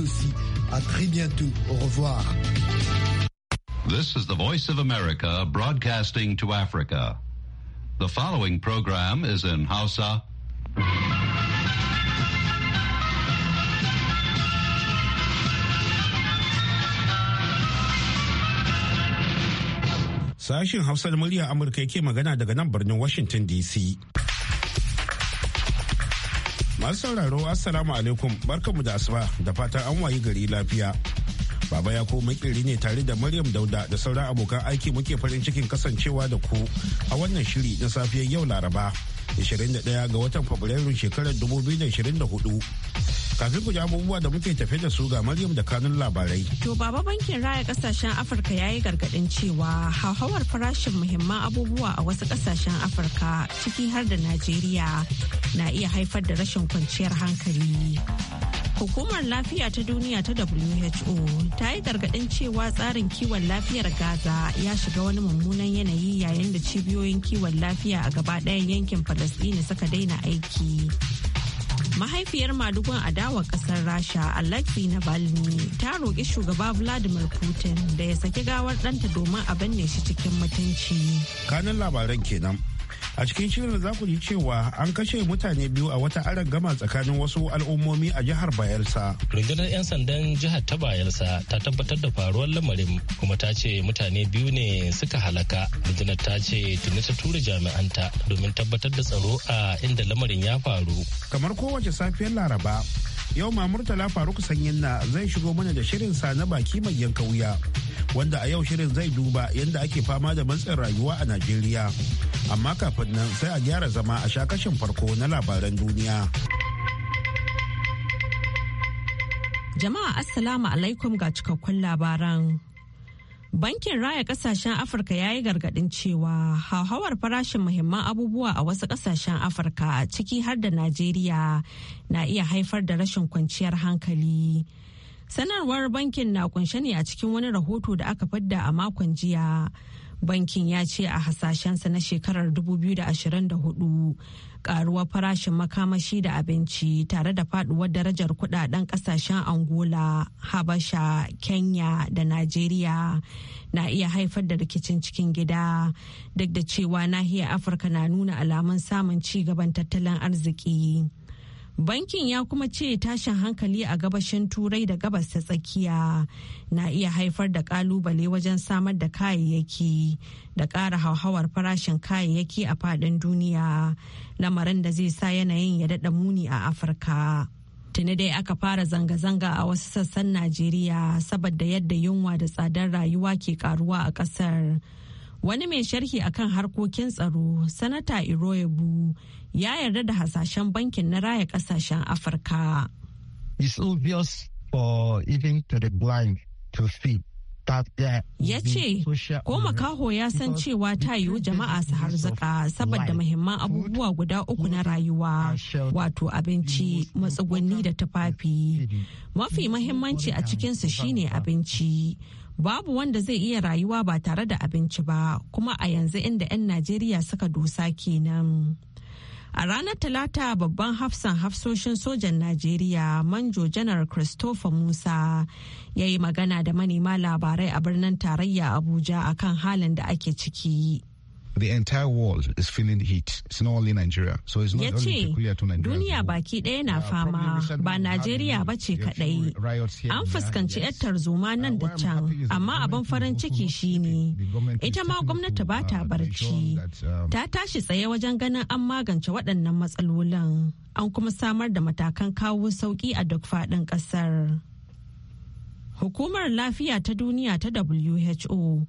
aussi. À très bientôt. Au revoir. This is the Voice of America broadcasting to Africa. The following program is in Hausa. Sashin Hausa da murya Amurka yake magana daga nan birnin Washington DC. Masu sauraro Assalamu alaikum mu da asuba da fatan an wayi gari lafiya. Baba ya ko makiri ne tare da Maryam Dauda da sauran abokan aiki muke farin cikin kasancewa da ku a wannan shiri na safiyar yau Laraba 21 ga watan Fabrairu shekarar 2024. Kafin ku ji abubuwa da muke tafe da su ga Maryam da kanun labarai. To baba bankin raya kasashen Afirka ya yi gargaɗin cewa hauhawar farashin muhimman abubuwa a wasu kasashen Afirka ciki har da Najeriya na iya haifar da rashin kwanciyar hankali. Hukumar Lafiya ta Duniya ta WHO ta yi gargaɗin cewa tsarin kiwon lafiyar Gaza ya shiga wani mummunan yanayi yayin da cibiyoyin kiwon lafiya a gaba ɗayan yankin Falasɗini suka daina aiki. Mahaifiyar madugun adawar ƙasar Rasha Alexei Navalny ta roƙi shugaba Vladimir Putin da ya saki gawar ɗanta domin a binne shi cikin mutunci. Kanin labaran kenan. a cikin shirin za ku ji cewa an kashe mutane biyu a wata gama tsakanin wasu al'ummomi a jihar bayelsa rundunar 'yan sandan jihar ta bayelsa ta tabbatar da faruwar lamarin kuma ta ce mutane biyu ne suka halaka rundunar ta ce tuni ta tura jami'anta domin tabbatar da tsaro a inda lamarin ya faru kamar kowace safiyar laraba yau ma murtala faruk sanyin na zai shigo mana da shirin sa na baki mai yanka wuya wanda a yau shirin zai duba yadda ake fama da matsin rayuwa a najeriya amma kafin nan sai a gyara zama a sha shakashin farko na labaran duniya jama'a assalamu alaikum ga cikakkun labaran Bankin Raya Kasashen Afirka ya yi gargaɗin cewa hauhawar farashin muhimman abubuwa a wasu ƙasashen Afirka ciki har da Najeriya na iya haifar da rashin kwanciyar hankali. Sanarwar bankin na kunshe ne a cikin wani rahoto da aka fadda a makon jiya. bankin ya ce a hasashensa na shekarar 2024 karuwar farashin makamashi da abinci tare da faduwar darajar kudaden kasashen angola habasha kenya da najeriya na iya haifar da rikicin cikin gida duk da cewa nahiyar afirka na nuna alamun samun ci gaban tattalin arziki bankin ya kuma ce tashin hankali a gabashin turai da gabas ta tsakiya na iya haifar da kalubale wajen samar da kayayyaki da ƙara hauhawar farashin kayayyaki a faɗin duniya lamarin da zai sa yanayin ya daɗa muni a afirka tuni dai aka fara zanga-zanga a wasu sassan najeriya saboda yadda yunwa da tsadar rayuwa ke karuwa a ƙasar. wani mai sharhi a kan harkokin tsaro sanata iroyebu ya yarda da hasashen bankin na raya kasashen afirka ya ce ko makaho ya san cewa ta yiwu jama'a su harzuka saboda mahimman abubuwa guda uku na rayuwa wato abinci matsugunni da tufafi mafi mahimmanci a cikinsu shine abinci babu wanda zai iya rayuwa ba tare da abinci ba kuma a yanzu inda 'yan najeriya suka dosa kenan a ranar talata babban hafsan hafsoshin sojan najeriya manjo janar christopher musa ya yi magana da manema labarai a birnin tarayya abuja akan halin da ake ciki the entire world is feeling the heat. It's not only Nigeria. So it's not only peculiar to Nigeria. Duniya baki ɗaya na fama ba Najeriya ba ce kaɗai. An fuskanci 'yar tarzoma nan da can, amma abin farin ciki ne. ita ma gwamnati ba ta uh, barci. Um, ta tashi tsaye wajen ganin an magance waɗannan matsalolin. An kuma samar da matakan kawo sauƙi a duk faɗin ƙasar. Hukumar Lafiya ta Duniya ta WHO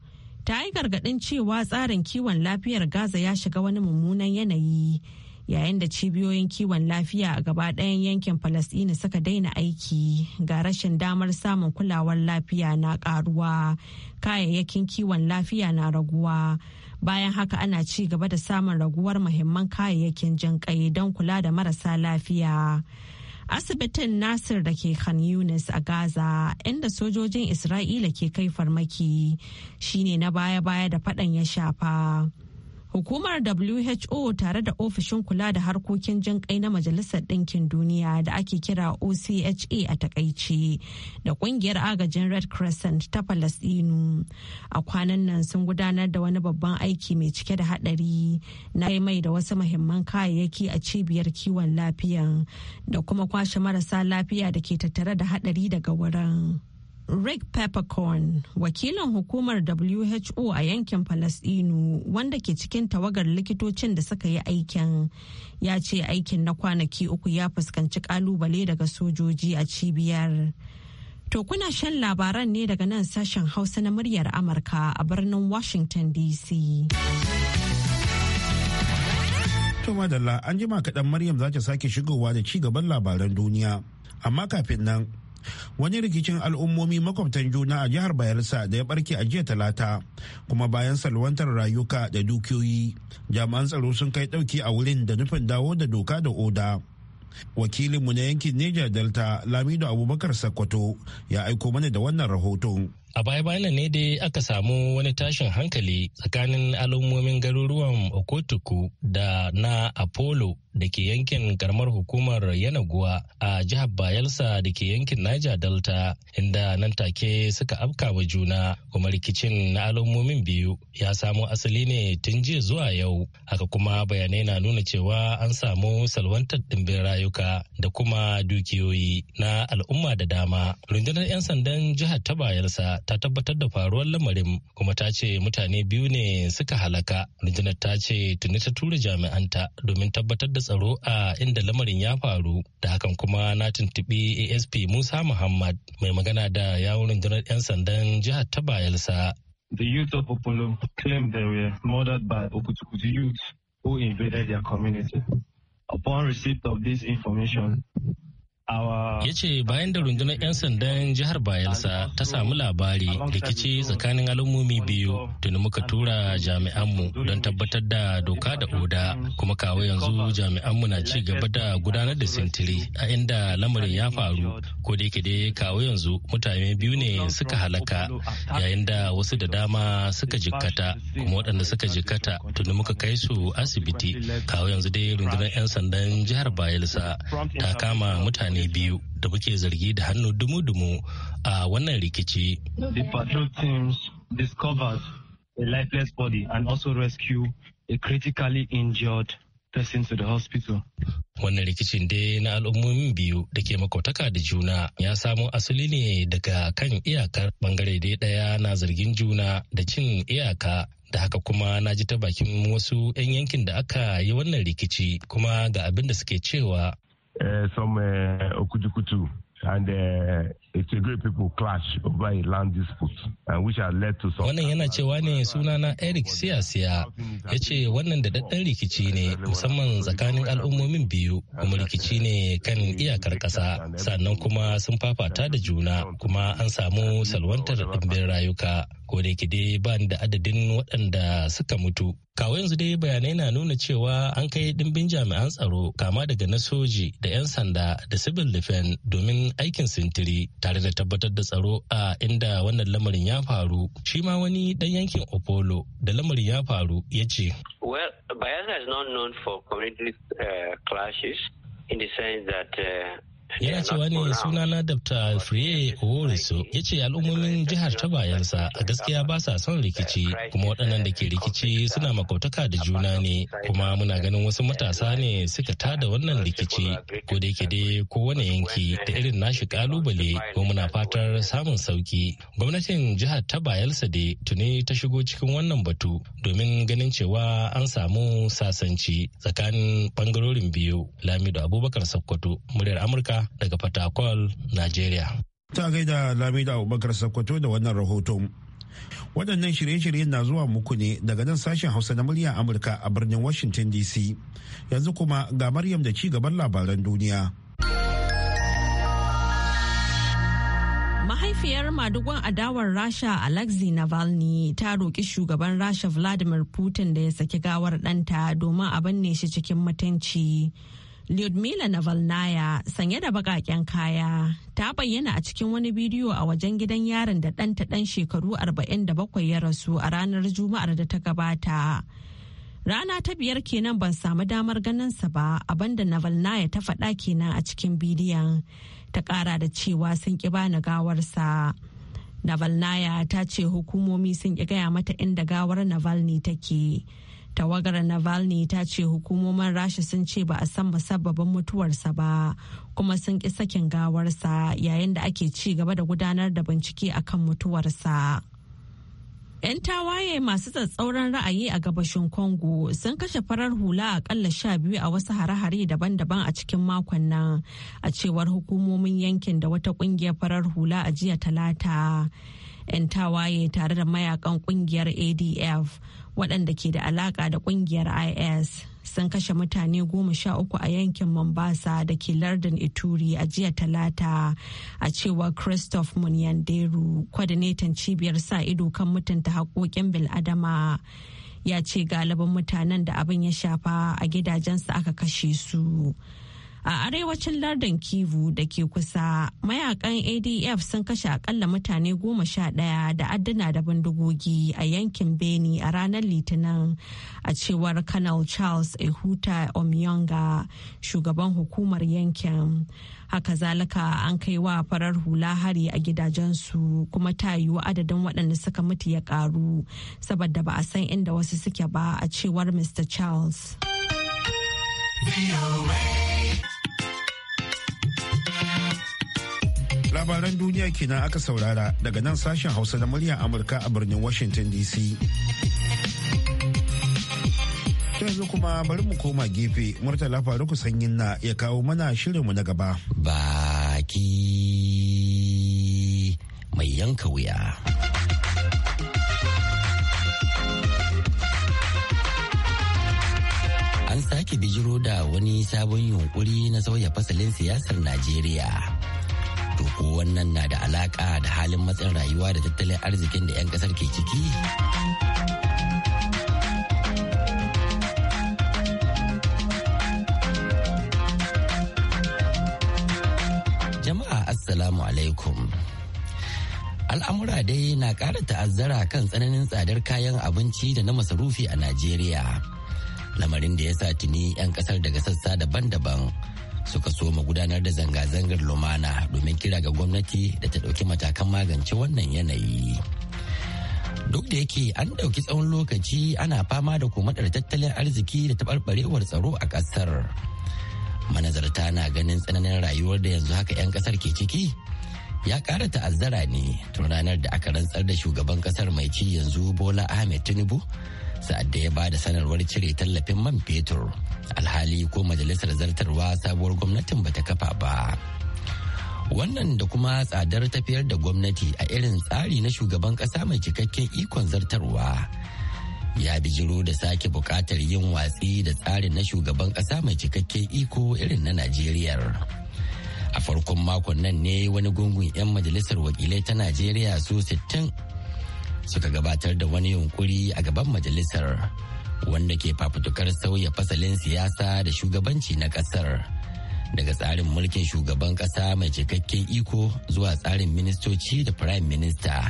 ta yi gargaɗin cewa tsarin kiwon lafiyar Gaza ya shiga wani mummunan yanayi yayin da cibiyoyin kiwon lafiya a gaba ɗayan yankin Falasɗina suka daina aiki ga rashin damar samun kulawar lafiya na ƙaruwa kayayyakin kiwon lafiya na raguwa bayan haka ana ci gaba da samun raguwar muhimman kayayyakin jinƙai don kula da marasa lafiya. asibitin nasir da ke khan yunis a gaza inda sojojin isra'ila ke kai farmaki shine na baya-baya da faɗan ya shafa Hukumar WHO tare da ofishin kula da harkokin jin kai na Majalisar Ɗinkin Duniya da ake kira OCHA a takaice da kungiyar agajin Red Crescent ta Falasɗinu. A kwanan nan sun gudanar da wani babban aiki mai cike da haɗari na mai da wasu muhimman kayayyaki a cibiyar kiwon lafiyan da kuma kwashe marasa lafiya da ke tattare da haɗari daga wurin. Rick Peppercorn, wakilin hukumar WHO a yankin Falasɗinu wanda ke cikin tawagar likitocin da suka yi aikin, ya ce aikin na kwanaki uku ya fuskanci kalubale daga sojoji a cibiyar. To kuna shan labaran ne daga nan sashen Hausa na muryar Amurka a birnin Washington DC. To madalla an jima kaɗan Maryam za ta sake shigowa da ci gaban labaran duniya, amma kafin nan wani rikicin al'ummomi makwabtan juna a jihar bayelsa da ya barke a jiya talata kuma bayan salwantar rayuka da dukiyoyi jami'an tsaro sun kai dauki a wurin da nufin dawo da doka da oda wakilinmu na yankin neja delta lamido abubakar sakkwato ya aiko mana da wannan rahoton A baya-bayan ne dai aka samu wani tashin hankali tsakanin al'ummomin garuruwan Okotuku da na Apollo da ke yankin karamar hukumar Yanaguwa a jihar Bayelsa da ke yankin Niger Delta inda nan take suka afka wa juna kuma rikicin na al'ummomin biyu ya samo asali ne tun jiya zuwa yau. Haka kuma bayanai na nuna cewa an samu salwantar ɗimbin rayuka da kuma dukiyoyi na al'umma da dama. Rundunar 'yan sandan jihar ta Bayelsa ta tabbatar da faruwar lamarin kuma ta ce mutane biyu ne suka halaka. Rundunar ta ce tuni ta tura jami'anta domin tabbatar da tsaro a inda lamarin ya faru. Da hakan kuma na tuntuɓi ASP Musa Muhammad mai magana da yawun rundunar 'yan sandan jihar ta Bayelsa. The youth of Opolo claimed they were murdered by Okutukutu youth who invaded their community. Upon receipt of this information, ya ce bayan da rundunar 'yan sandan jihar bayelsa ta samu labari rikici tsakanin al'ummomi biyu tuni muka tura jami'anmu don tabbatar da doka da oda kuma kawo yanzu jami'anmu na ci gaba da gudanar da sintiri a inda lamarin ya faru ko da yake dai kawo yanzu mutane biyu ne suka halaka yayin da wasu da dama suka jikkata kuma waɗanda suka jikkata tuni muka kai su asibiti kawo yanzu dai rundunar 'yan sandan jihar bayelsa ta kama mutane mutane biyu da muke zargi da hannu dumu-dumu a wannan rikici. The patrol teams discovered a lifeless body and also rescue a critically injured person to the hospital. Wannan rikicin dai na al'ummomin biyu da ke makautaka da juna ya samo asali ne daga kan iyakar bangare dai ɗaya na zargin juna da cin iyaka da haka kuma na ji ta bakin wasu 'yan yankin da aka yi wannan rikici kuma ga abin da suke cewa Eh, some eh, Okutukutu and eh, Tigray people led to Wannan yana cewa ne sunana Eric Siyasiya ya ce wannan da daddan rikici ne musamman tsakanin al'ummomin biyu kuma rikici ne kan iyakar kasa sannan kuma sun fafata da juna kuma an samu salwantar ɗimbin rayuka ko da yake dai ba da adadin waɗanda suka mutu. Kawo yanzu dai bayanai na nuna cewa an kai ɗimbin jami'an tsaro kama daga na soji da 'yan sanda da civil defense domin aikin sintiri tare da tabbatar da tsaro a inda wannan lamarin ya faru shi ma wani dan yankin opolo da lamarin ya faru ya ce well bayelsa is not known for community uh, clashes in the sense that uh, yana cewa ne sunana dr friye oriso ya ce al'ummomin jihar ta bayansa a gaskiya ba sa son rikici kuma waɗannan da ke rikici suna makautaka da juna ne kuma muna ganin wasu matasa ne suka tada wannan rikici ko da yake dai kowane yanki da irin nashi kalubale ko muna fatar samun sauki gwamnatin jihar ta bayelsa dai tuni ta shigo cikin wannan batu domin ganin cewa an samu sasanci tsakanin bangarorin biyu lamido abubakar sakkwato muryar amurka daga fatakol Najeriya. Ta gaida Lamida Abubakar Sokoto da wannan rahoto Waɗannan shirye shiryen na zuwa muku ne daga nan sashen Hausa na murya Amurka a birnin Washington DC. Yanzu kuma ga Maryam da ci gaban labaran duniya. Mahaifiyar madugon adawar Rasha Alexei Navalny ta roƙi shugaban Rasha Vladimir Putin da ya saki gawar ɗanta domin a binne shi cikin mutunci. Lyudmila Navalnaya sanye da bakaken kaya ta bayyana a cikin wani bidiyo a wajen gidan yarin da ɗanta ɗan shekaru 47 ya rasu a ranar Juma'ar da ta gabata. Rana ta biyar kenan ban samu damar ganin sa ba abinda Navalnaya ta faɗa kenan a cikin bidiyon ta ƙara da cewa sun ƙi bani gawarsa. Navalnaya ta ce hukumomi sun ƙi gaya mata inda gawar Navalny take. tawagar navalny ta ce hukumomin rasha sun ce ba a san musabbabin mutuwarsa ba kuma sun ƙi sakin gawarsa yayin da ake ci gaba da gudanar da bincike akan mutuwarsa 'Yan tawaye masu tsatsauran ra'ayi a gabashin Congo sun kashe farar hula akalla sha biyu a wasu hare-hare daban-daban a cikin makon nan a cewar hukumomin yankin da wata kungiyar farar hula a jiya talata. 'Yan tawaye tare da mayakan kungiyar ADF waɗanda ke da alaƙa da ƙungiyar is sun kashe mutane goma sha uku a yankin mombasa da ke lardin ituri a jiya talata a cewa christoph munyanderu kwadinetan cibiyar sa ido kan mutunta haƙoƙin bil'adama ya ce galibin mutanen da abin ya shafa a gidajensu aka kashe su. A arewacin lardin Kivu da ke kusa, mayakan ADF sun kashe akalla mutane goma sha ɗaya da adduna da bindigogi a yankin Beni a ranar Litinin a cewar kanal Charles Ehuta Omyonga, shugaban hukumar yankin. Haka zalika an kai wa farar hula hari a gidajensu kuma ta yiwu adadin waɗanda suka mutu ya ƙaru saboda ba a san inda wasu suke ba a cewar Mr. Charles. labaran duniya kenan aka saurara daga nan sashen hausa na muryar amurka a birnin washington dc yanzu kuma bari mu koma gefe murtala faruku sanyin na ya kawo mana shirinmu na gaba baki mai yanka wuya an sake bijiro da wani sabon yunkuri na sauya fasalin siyasar najeriya to ko wannan na da alaka da halin matsin rayuwa da tattalin arzikin da 'yan kasar ke ciki jama'a assalamu alaikum al'amura dai na ƙara ta'azzara kan tsananin tsadar kayan abinci da na masarufi a najeriya lamarin da ya sa tuni 'yan ƙasar daga sassa daban-daban suka so gudanar da zanga-zangar lumana domin kira ga gwamnati da ta ɗauki matakan magance wannan yanayi. Duk da yake an ɗauki tsawon lokaci ana fama da komadar tattalin arziki da taɓarɓarewar tsaro a ƙasar. Manazarta na ganin tsananin rayuwar da yanzu haka 'yan ƙasar ke ciki ya ƙara ta'azzara ne tun ranar da aka rantsar da shugaban ƙasar mai ci yanzu Bola Ahmed Tinubu sa'ad da ya ba da sanarwar cire tallafin man fetur alhali ko majalisar zartarwa sabuwar gwamnatin bata kafa ba wannan da kuma tsadar tafiyar da gwamnati a irin tsari na shugaban kasa mai cikakken ikon zartarwa ya bijiro da sake bukatar yin watsi da tsarin na shugaban kasa mai cikakken iko irin na najeriya a farkon makon nan ne wani gungun 'yan majalisar wakilai ta najeriya su suka gabatar da wani yunkuri a gaban majalisar wanda ke fafutukar sauya fasalin siyasa da shugabanci na kasar daga tsarin mulkin shugaban kasa mai cikakken iko zuwa tsarin ministoci da prime minister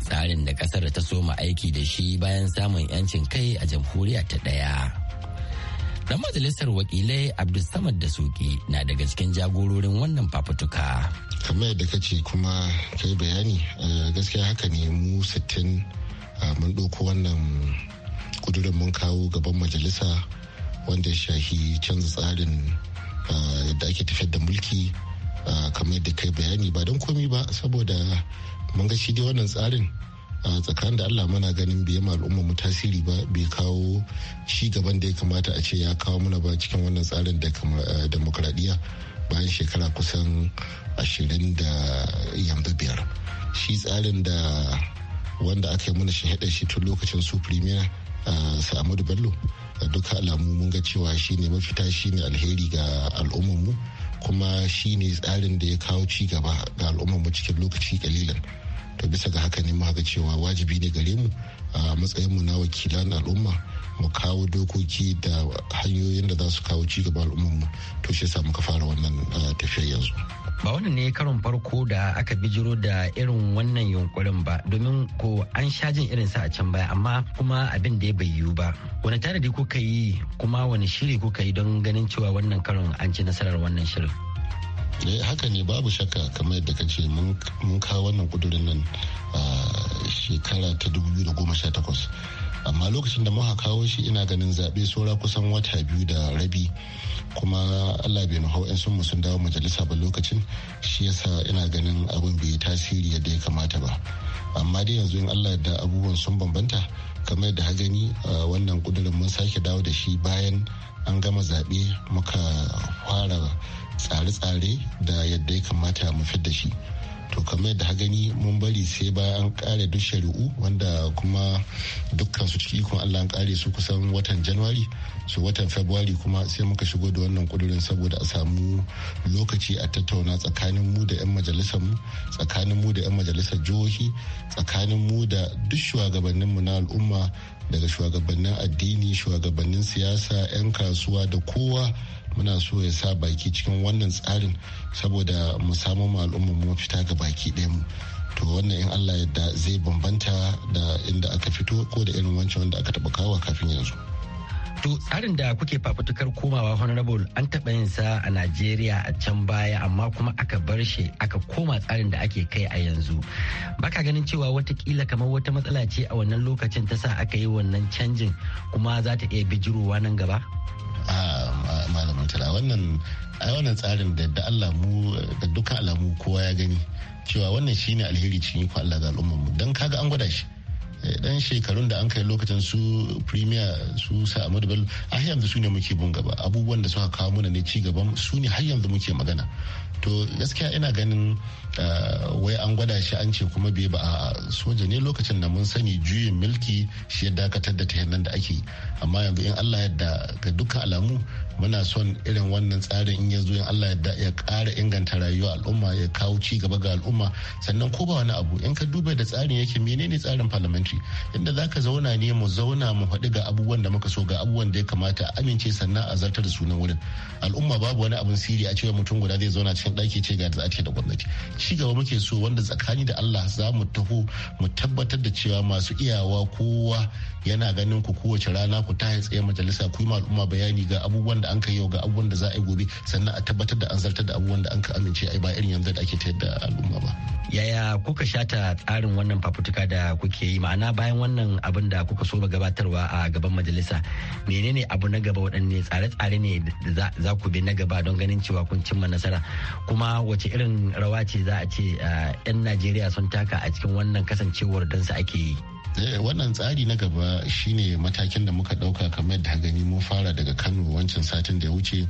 tsarin da kasar ta soma aiki da shi bayan samun 'yancin kai a jamhuriya ta ɗaya. Dan majalisar wakilai Abdulsamad da Suki na daga cikin jagororin wannan fafutuka. Kamar yadda ka ce kuma kai bayani eh, gaskiya haka ne mu sittin eh, mun ɗauko wannan kudurin mun kawo gaban majalisa wanda shahi canza tsarin eh, yadda ake tafiyar da mulki kamar yadda kai bayani ba don komi ba saboda mun ga shi dai wannan tsarin tsakanin da allah mana ganin bai ma al'umma mu tasiri ba bai kawo shi gaban da ya kamata a ce ya kawo mana ba cikin wannan tsarin da eh, demokradiyya bayan shekara kusan ashirin da yanzu biyar shi tsarin da wanda aka yi mana shahada shi tun lokacin su premier eh, sa'amadu bello duka alamu mun ga cewa shi ne mafita shi ne alheri ga al'ummarmu kuma shi ne tsarin da ya kawo ci gaba ga al'ummarmu cikin lokaci kalilan to bisa ga haka ne muka ga cewa wajibi ne gare mu a matsayin mu na wakilan al'umma mu kawo dokoki da hanyoyin da za su kawo ci gaba al'ummar mu to shi yasa muka fara wannan tafiyar yanzu ba wannan ne karon farko da aka bijiro da irin wannan yunkurin ba domin ko an sha jin irin sa a can baya amma kuma abin da ya bai yiwu ba wani tanadi kuka yi kuma wani shiri kuka yi don ganin cewa wannan karon an ci nasarar wannan shirin Eh, haka ne babu shaka kamar yadda ka ce mun kawo wannan kudurin nan a shekara ta 2018 amma lokacin da muka kawo shi ina ganin zaɓe saura kusan wata biyu da rabi kuma allah bai nuhau yan sun sun dawo majalisa ba lokacin shi yasa ina ganin abin bai tasiri yadda ya kamata ba amma dai yanzu in allah da abubuwan sun bambanta kamar da hagani wannan kudurin mun sake dawo da shi bayan an gama zaɓe muka fara tsare-tsare da yadda ya kamata mu da shi to kamar yadda hagani mun bari sai bayan an kare duk shari'u wanda kuma dukkan su cikin ikon allah an kare su kusan watan january su watan february kuma sai muka shigo da wannan kudurin saboda a samu lokaci a tattauna tsakanin mu da 'yan majalisar mu tsakanin mu da 'yan majalisar jihohi tsakanin mu da duk shugabannin mu na al'umma daga shugabannin addini shugabannin siyasa 'yan kasuwa da kowa muna so ya sa baki cikin wannan tsarin saboda mu samu mu mafita ga baki ɗaya mu to wannan in allah yadda zai bambanta da inda aka fito ko da irin wancan wanda aka taɓa kawo kafin yanzu To tsarin da kuke fafutukar komawa honorable an taba yin sa a Najeriya a can baya amma kuma aka bar shi aka koma tsarin da ake kai a yanzu. Baka ganin cewa watakila kamar wata matsala ce a wannan lokacin ta sa aka yi wannan canjin kuma za ta iya bijirowa nan gaba? malamin tara wannan ai wannan tsarin da da Allah mu da dukkan alamu kowa ya gani cewa wannan shine alheri cikin ku Allah ga al'ummar mu dan kaga an gwada shi dan shekarun da an kai lokacin su premier su sa da bello a yanzu su ne muke bun gaba abubuwan da suka kawo mana ne ci gaban su ne har yanzu muke magana to gaskiya ina ganin eh, wai an gwada shi an ce kuma bai ba a soja ne lokacin da mun sani juyin milki shi ya dakatar da ta da ake amma yanzu in allah yadda ga dukkan alamu muna son irin wannan tsarin in ya zo Allah ya ya ƙara inganta rayuwa al'umma ya kawo ci gaba ga al'umma sannan ko ba wani abu in ka duba da tsarin yake menene tsarin parliamentary inda zaka zauna ne mu zauna mu faɗi ga abubuwan da muka so ga abubuwan da ya kamata a amince sannan a zartar da sunan wurin al'umma babu wani abun siri a cewa mutum guda zai zauna cikin ɗaki ce ga da da gwamnati ci gaba muke so wanda tsakani da Allah za mu taho mu tabbatar da cewa masu iyawa kowa yana ganin ku kowace rana ku ta tsaye majalisa ku yi al'umma bayani ga abubuwan da da an ka yau ga abubuwan da za a yi gobe sannan a tabbatar da an zartar da abubuwan da an ka amince a ba irin yanzu da ake tayar da al'umma ba. Yaya kuka shata tsarin wannan fafutuka da kuke yi ma'ana bayan wannan abin da kuka so gabatarwa a gaban majalisa menene abu na gaba waɗanne tsare-tsare ne za ku bi na gaba don ganin cewa kun cimma nasara kuma wace irin rawa ce za a ce eh, 'yan Najeriya sun taka a cikin wannan kasancewar dansa ake yi. Eh, wannan tsari na gaba shine matakin da muka dauka kamar da gani mun fara daga kano wancan satin da ya wuce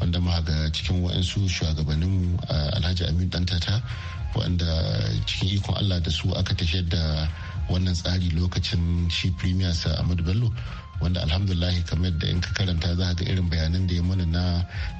wanda ma ga cikin wa'ansu shugabannin eh, alhaji amin dantata wanda cikin ikon allah da su aka tafiyar da wannan tsari lokacin shi premier sa ahmadu bello wanda alhamdulahi kamar da in ka karanta za ga irin bayanan da ya mana na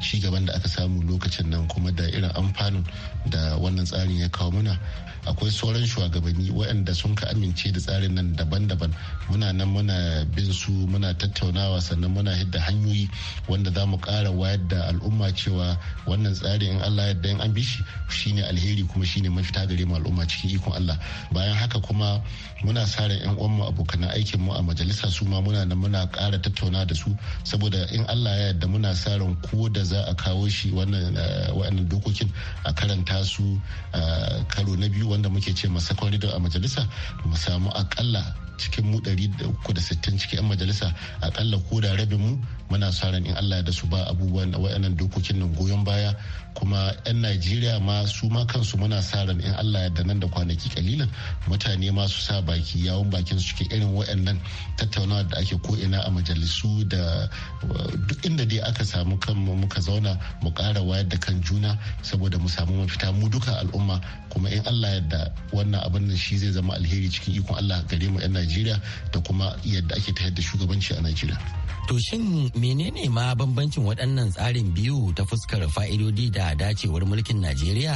ci gaban da aka samu lokacin nan kuma da irin amfanin da wannan tsarin ya kawo mana akwai sauran shugabanni waɗanda sun ka amince da tsarin nan daban-daban muna nan muna bin su muna tattaunawa sannan muna hidda hanyoyi wanda za mu ƙara wayar da al'umma cewa wannan tsarin in Allah yadda in an bi shi shine alheri kuma shine mafita gare mu al'umma cikin ikon Allah bayan haka kuma muna sa ran yan uwan abokan aikin mu a majalisa su ma muna nan muna ƙara tattauna da su saboda in allah ya yarda muna sa ran ko da za a kawo shi wannan eh, dokokin a karanta su eh, karo na biyu wanda muke ce masakon a majalisa mu samu akalla cikin mu 360 cikin 'yan majalisa akalla ko da rabin mu muna sa ran in Allah ya da su ba abubuwan waɗannan dokokin nan goyon baya kuma 'yan najeriya ma su ma kansu muna sa ran in allah yadda nan da kwanaki kalilan mutane ma su sa baki yawon bakin su cikin irin wa'annan tattaunawa da ake ko'ina a majalisu da uh, duk inda dai aka samu kanmu muka zauna mu kara wayar da kan juna saboda mu samu mafita mu duka al'umma kuma in allah yadda wannan abin nan shi zai zama alheri cikin ikon allah gare mu 'yan najeriya da kuma yadda ake tayar da shugabanci a najeriya to shin menene ma bambancin waɗannan tsarin biyu ta fuskar fa'idodi da ga dacewar mulkin Najeriya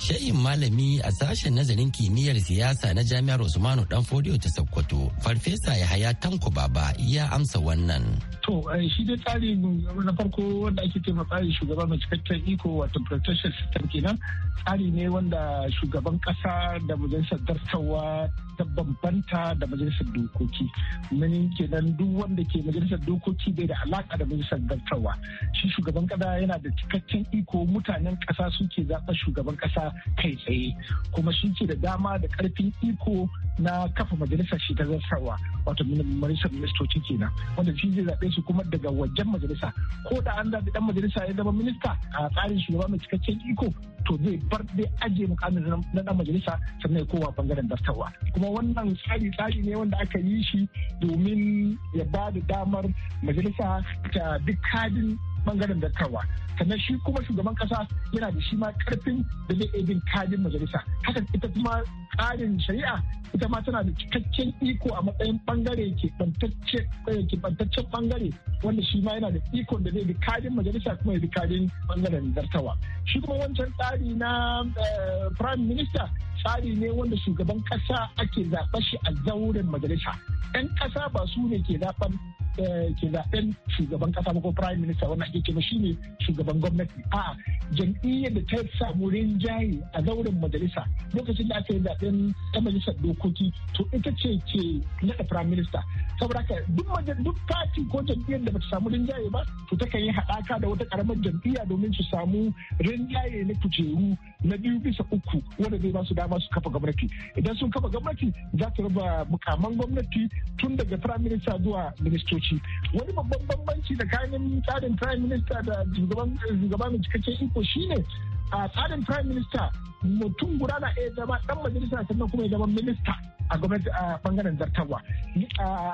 Shehin malami a sashen nazarin kimiyyar siyasa na jami'ar Usmanu Danfodiyo ta Sokoto, Farfesa ya haya Tanko Baba ya amsa wannan. To, eh, shi dai tsari na farko wanda ake ce tsarin shugaba mai cikakken iko wato protection system kenan tsari ne wanda shugaban kasa da majalisar dartawa ta bambanta da majalisar dokoki. Mani kenan duk wanda ke majalisar dokoki bai da alaka da majalisar dartawa. Shi shugaban kasa yana da cikakken iko mutanen kasa suke zaɓa shugaban kasa kai tsaye kuma sun ce da dama da karfin iko na kafa majalisa shi ta zartarwa wato majalisar ministoci kenan wanda shi zai zaɓe su kuma daga wajen majalisa ko da an zaɓi dan majalisa ya zama minista a tsarin shugaba mai cikakken iko to zai bar zai ajiye mukamin na dan majalisa sannan ya kowa bangaren zartarwa kuma wannan tsari tsari ne wanda aka yi shi domin ya ba da damar majalisa ta duk kadin bangaren dattawa sannan shi kuma shugaban kasa yana da shi ma karfin da zai iya bin kadin majalisa haka ita kuma tsarin shari'a ita ma tana da cikakken iko a matsayin bangare eh, bantaccen bangare wanda shi ma yana da iko da zai bi kadin majalisa kuma ya bi kadin bangaren dattawa shi kuma wancan tsari na eh, prime minister tsari ne wanda shugaban kasa ake zaɓa shi a zauren majalisa yan kasa ba su ne ke zaɓen eh, ke zaɓen shugaban kasa ko prime minister wannan ake kema shi ne shugaban gwamnati a jam'iyyar da ta samu rinjaye a zauren majalisa lokacin da aka yi zaɓen ta majalisar dokoki to ita ce ke naɗa prime minister saboda haka duk duk party ko jam'iyyar da bata samu rinjaye ba to ta kan yi haɗaka da wata karamar jam'iyya domin su samu rinjaye na kujeru na biyu bisa uku wanda zai ba su dama su kafa gwamnati idan sun kafa gwamnati za su raba mukaman gwamnati tun daga prime minister zuwa ministoci wani babban bambanci tsakanin tsarin prime minister da shugaban shugaban cikakken iko shine a tsarin prime minister mutum guda na iya zama dan majalisa sannan kuma ya zama minista a gwamnati a bangaren zartarwa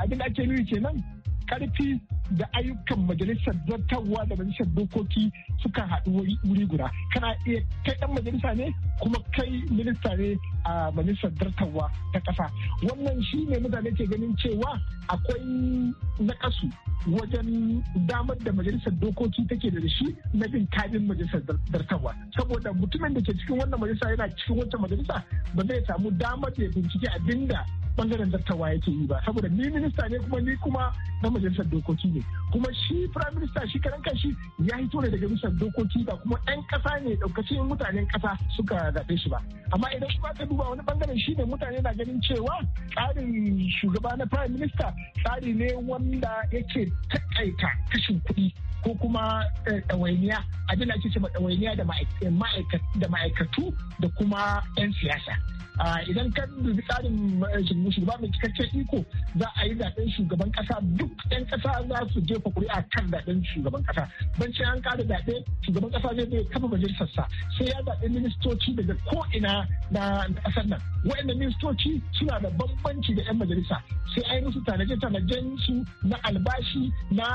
abin ake nuni kenan karfi da ayyukan majalisar zartarwa da majalisar dokoki suka haɗu wuri guda kana iya kai ɗan majalisa ne kuma kai minista ne a majalisar zartarwa ta ƙasa wannan shi ne mutane ke ganin cewa akwai nakasu wajen damar da majalisar dokoki take da shi na bin kadin majalisar zartarwa saboda mutumin da ke cikin wannan majalisa yana cikin wata majalisa ba zai samu damar da bincike abinda bangaren dattawa yake yi ba saboda ni minista ne kuma ni kuma na majalisar dokoki ne kuma shi prime minister shi karan kanshi ya hito ne daga misar dokoki ba kuma ɗan ƙasa ne ɗaukacin mutanen ƙasa suka zaɓe shi ba amma idan kuma ka duba wani bangaren shi ne mutane na ganin cewa tsarin shugaba na prime minister tsari ne wanda yake taƙaita kashin kuɗi ko kuma eh, ɗawainiya abin da ake ce ɗawainiya eh, da ma'aikatu da kuma 'yan siyasa ah, idan ka dubi tsarin eh, musulma mai cikakken iko za a yi zaben shugaban kasa duk 'yan kasa za su jefa kuri'a kan zaben shugaban kasa ban ce an kada zaɓe shugaban kasa zai bai kafa sa sai ya zaɓi ministoci daga ko ina na kasar nan waɗanda ministoci suna da bambanci da 'yan majalisa sai a yi musu tanaje-tanajen su na albashi na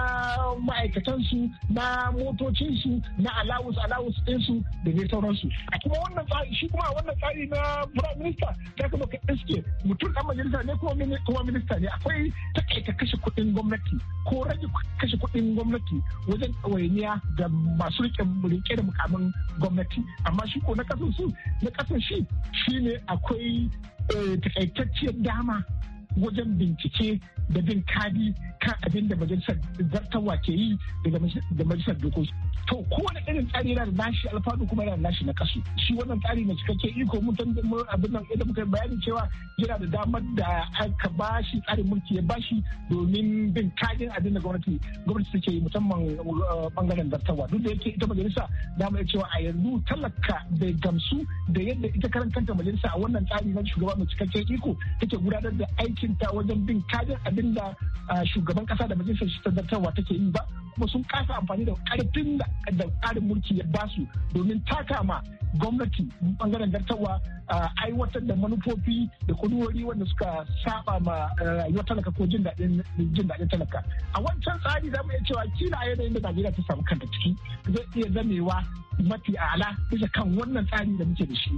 ma'aikatansu na motocinsu na alawus alawus ɗinsu da dai sauransu a kuma wannan tsari shi kuma wannan tsari na prime minister ta kuma ka iske mutum ɗan majalisa ne kuma minista ne akwai takaita kashe kuɗin gwamnati ko rage kashe kuɗin gwamnati wajen ɗawainiya da masu rike da mukamin gwamnati amma shi ko na kasan su na shi shine akwai eh, takaitacciyar dama wajen bincike da bin kadi kan abin da majalisar zartarwa ke yi da majalisar dokoki to kowane irin tsari yana da nashi alfanu kuma yana da nashi na kasu shi wannan tsari na cikakke iko mutum abin nan idan muka bayani cewa yana da damar da aka bashi tsarin mulki ya bashi domin bin kadin abin da gwamnati gwamnati take yi musamman uh, bangaren zartarwa duk da yake ita majalisa damar mu cewa a yanzu talaka da gamsu da yadda ita karan kanta majalisa a wannan tsari na shugaba mai cikakken iko take gudanar da aiki mutunta wajen bin kajin abin da shugaban kasa da majalisar sadarwa take yi ba kuma sun kasa amfani da karfin da tsarin mulki ya basu domin taka ma gwamnati bangaren a aiwatar da manufofi da kudurori wanda suka saba ma rayuwar talaka ko jin jin daɗin talaka a wancan tsari za mu iya cewa kila a yanayin da najeriya ta samu kanta ciki zai iya zamewa mafi ala bisa kan wannan tsari da muke da shi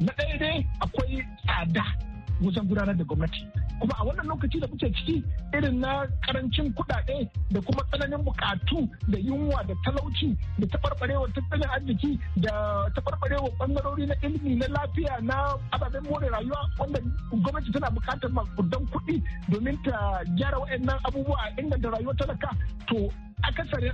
na ɗaya dai akwai tsada wajen gudanar da gwamnati kuma a wannan lokaci da muke ciki irin na karancin kuɗaɗe da kuma tsananin bukatu da yunwa da talauci da taɓarɓarewar tattalin arziki da taɓarɓarewar ɓangarori na ilimi na lafiya na ababen more rayuwa wanda gwamnati tana buƙatar makudan kuɗi domin ta gyara waɗannan abubuwa a inganta rayuwar talaka to akasarin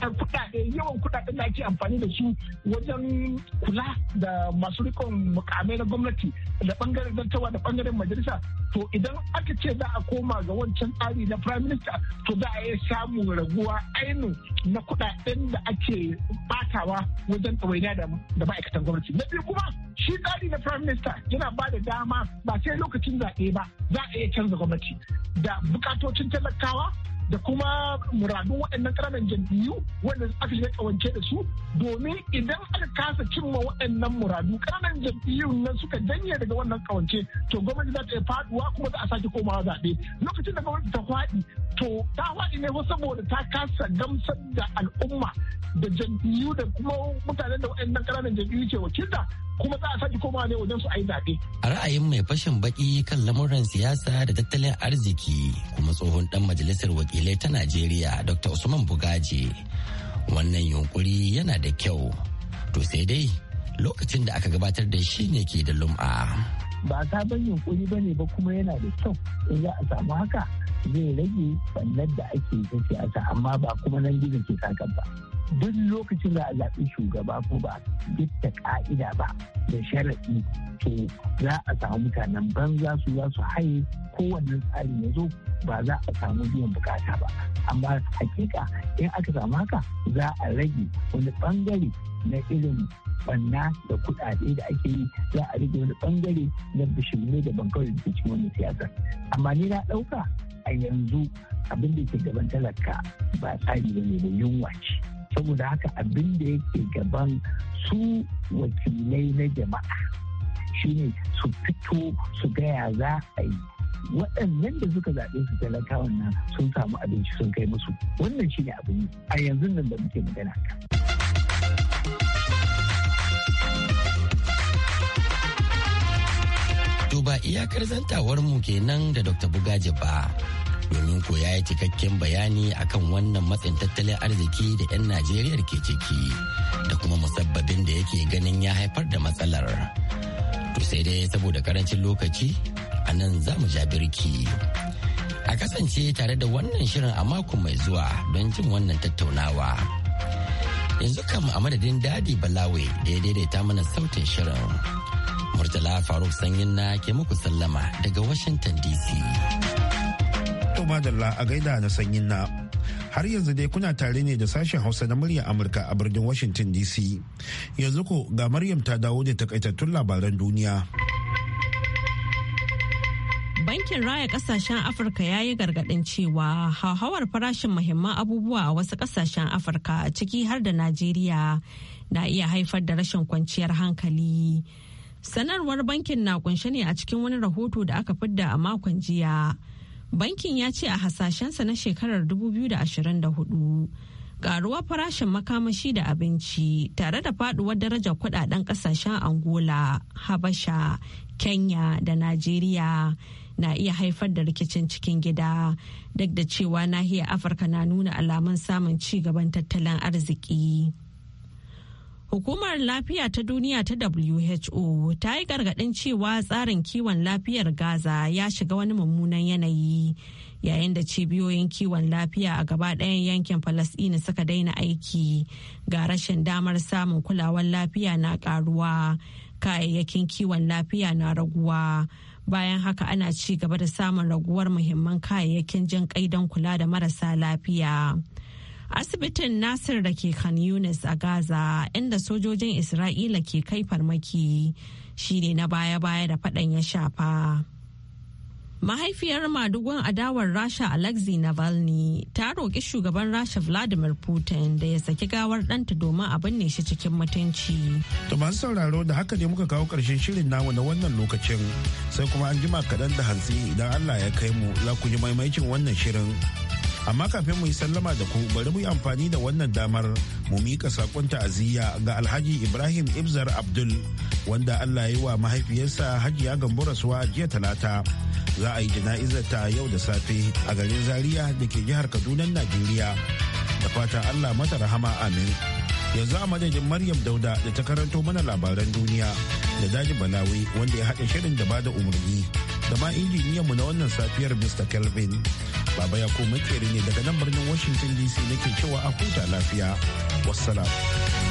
kuɗaɗe yawan kuɗaɗen da ake amfani da su wajen kula da masu rikon mukamai na gwamnati da bangaren zartawa da bangaren majalisa to idan aka ce za a koma ga wancan tsari na prime minister to za a iya samun raguwa ainu na kuɗaɗen da ake batawa wajen ɗawainiya da ma'aikatan gwamnati na biyu kuma shi tsari na prime minister yana ba da dama ba sai lokacin zaɓe ba za a iya canza gwamnati da bukatocin talakawa da kuma muradu waɗannan ƙananan jam'iyyu wanda aka shiga kawance da su domin idan aka kasa cimma waɗannan muradu ƙananan jam'iyyun nan suka janye daga wannan kawance to gwamnati za ta iya faduwa kuma za a sake komawa zaɓe lokacin da gwamnati ta faɗi to ta faɗi ne ko saboda ta kasa gamsar da al'umma da jam'iyyu da kuma mutanen da waɗannan ƙananan jam'iyyu ke wakilta kuma za a sake komawa ne wajen su a yi zaɓe. A ra'ayin mai fashin baki kan lamuran siyasa da tattalin arziki kuma tsohon ɗan majalisar wakilai ta Najeriya Dr. Usman Bugaje. Wannan yunkuri yana da kyau. To sai dai lokacin da aka gabatar da shi ne ke da lum'a. Ba sabon yunkuri ba ne ba kuma yana da kyau in za a samu haka zai rage bannar da ake yi siyasa amma ba kuma nan gizo ke sakan ba. duk lokacin da a zaɓi shugaba ko ba gitta ka'ida ba da sharaɗi to za a samu mutanen banza su za su haye kowane tsari ya zo ba za a samu biyan bukata ba amma hakika in aka samu haka za a rage wani ɓangare na irin banna da kuɗaɗe da ake yi za a rage wani ɓangare na bishirme da bankawar da cikin wani siyasa amma ni na ɗauka a yanzu abin da ke gaban talaka ba tsari ba ne da yunwa ce saboda haka abin da yake gaban su wakilai na jama'a shine su fito su gaya za a yi waɗannan da suka zaɓe su talakawan nan sun samu abinci sun kai musu wannan shine abin a yanzu nan da muke magana To ba iyakar zantawar mu kenan da Dr. Bugaji ba. domin koya ya cikakken bayani akan wannan matsin tattalin arziki da 'yan Najeriya ke ciki da kuma musabbabin da yake ganin ya haifar da matsalar. To sai dai saboda karancin lokaci a nan za mu ja birki. A kasance tare da wannan shirin a mako mai zuwa don jin wannan tattaunawa. Yanzu kam a madadin Dadi Balawe da ya daidaita mana sautin shirin. Murtala Faruk Sanyin na ke muku sallama daga Washington DC. madalla a gaida na sanyin na. Har yanzu dai kuna tare ne da sashen Hausa na murya Amurka a birnin Washington DC. Yanzu ko ga Maryam ta dawo da takaitattun labaran duniya. Bankin Raya Kasashen Afirka ya yi gargaɗin cewa hauhawar farashin muhimman abubuwa a wasu kasashen Afirka ciki har da Najeriya na iya haifar da rashin kwanciyar hankali. Sanarwar bankin na kunshe ne a cikin wani rahoto da aka fidda a makon jiya. bankin ya ce a hasashensa na shekarar 2024 karuwar farashin makamashi da abinci tare da faduwar darajar kudaden kasashen angola habasha kenya da najeriya na iya haifar da rikicin cikin gida duk da cewa nahiyar afirka na nuna alamun samun ci gaban tattalin arziki. Hukumar Lafiya ta Duniya ta WHO ta yi gargaɗin cewa tsarin kiwon lafiyar Gaza ya shiga wani mummunan yanayi yayin da cibiyoyin kiwon lafiya a gaba ɗayan yankin Falasɗini suka daina aiki ga rashin damar samun kulawar lafiya na ƙaruwa, kayayyakin kiwon lafiya na raguwa. Bayan haka ana ci gaba da samun raguwar muhimman kayayyakin jin don kula da marasa lafiya. asibitin nasir da ke kan yunis a gaza inda sojojin isra'ila ke kai farmaki ne na baya-baya da fadan ya shafa mahaifiyar madugun adawar rasha alexei navalny ta roƙi shugaban rasha vladimir putin da ya saki gawar ɗanta domin a binne shi cikin mutunci to masu sauraro da haka ne muka kawo ƙarshen shirin namu na wannan lokacin sai kuma an jima kaɗan da hantsi idan allah ya kai mu za ku ji maimakin wannan shirin amma kafin mu yi sallama da ku bari mu yi amfani da wannan damar mu mika sakon ta'aziyya ga alhaji ibrahim ibzar abdul wanda allah ya yi wa mahaifiyarsa hajiya gambo rasuwa jiya talata za a yi jana'izar ta yau da safe a garin zaria da ke jihar kaduna najeriya da fata allah mata rahama amin yanzu a madadin maryam dauda da ta karanto mana labaran duniya da daji balawi wanda ya haɗa shirin da ba da umarni da ma mu na wannan safiyar Mr. Kelvin. Baba ya ko makeri ne daga nan birnin Washington DC nake cewa a huta lafiya. Wassalam.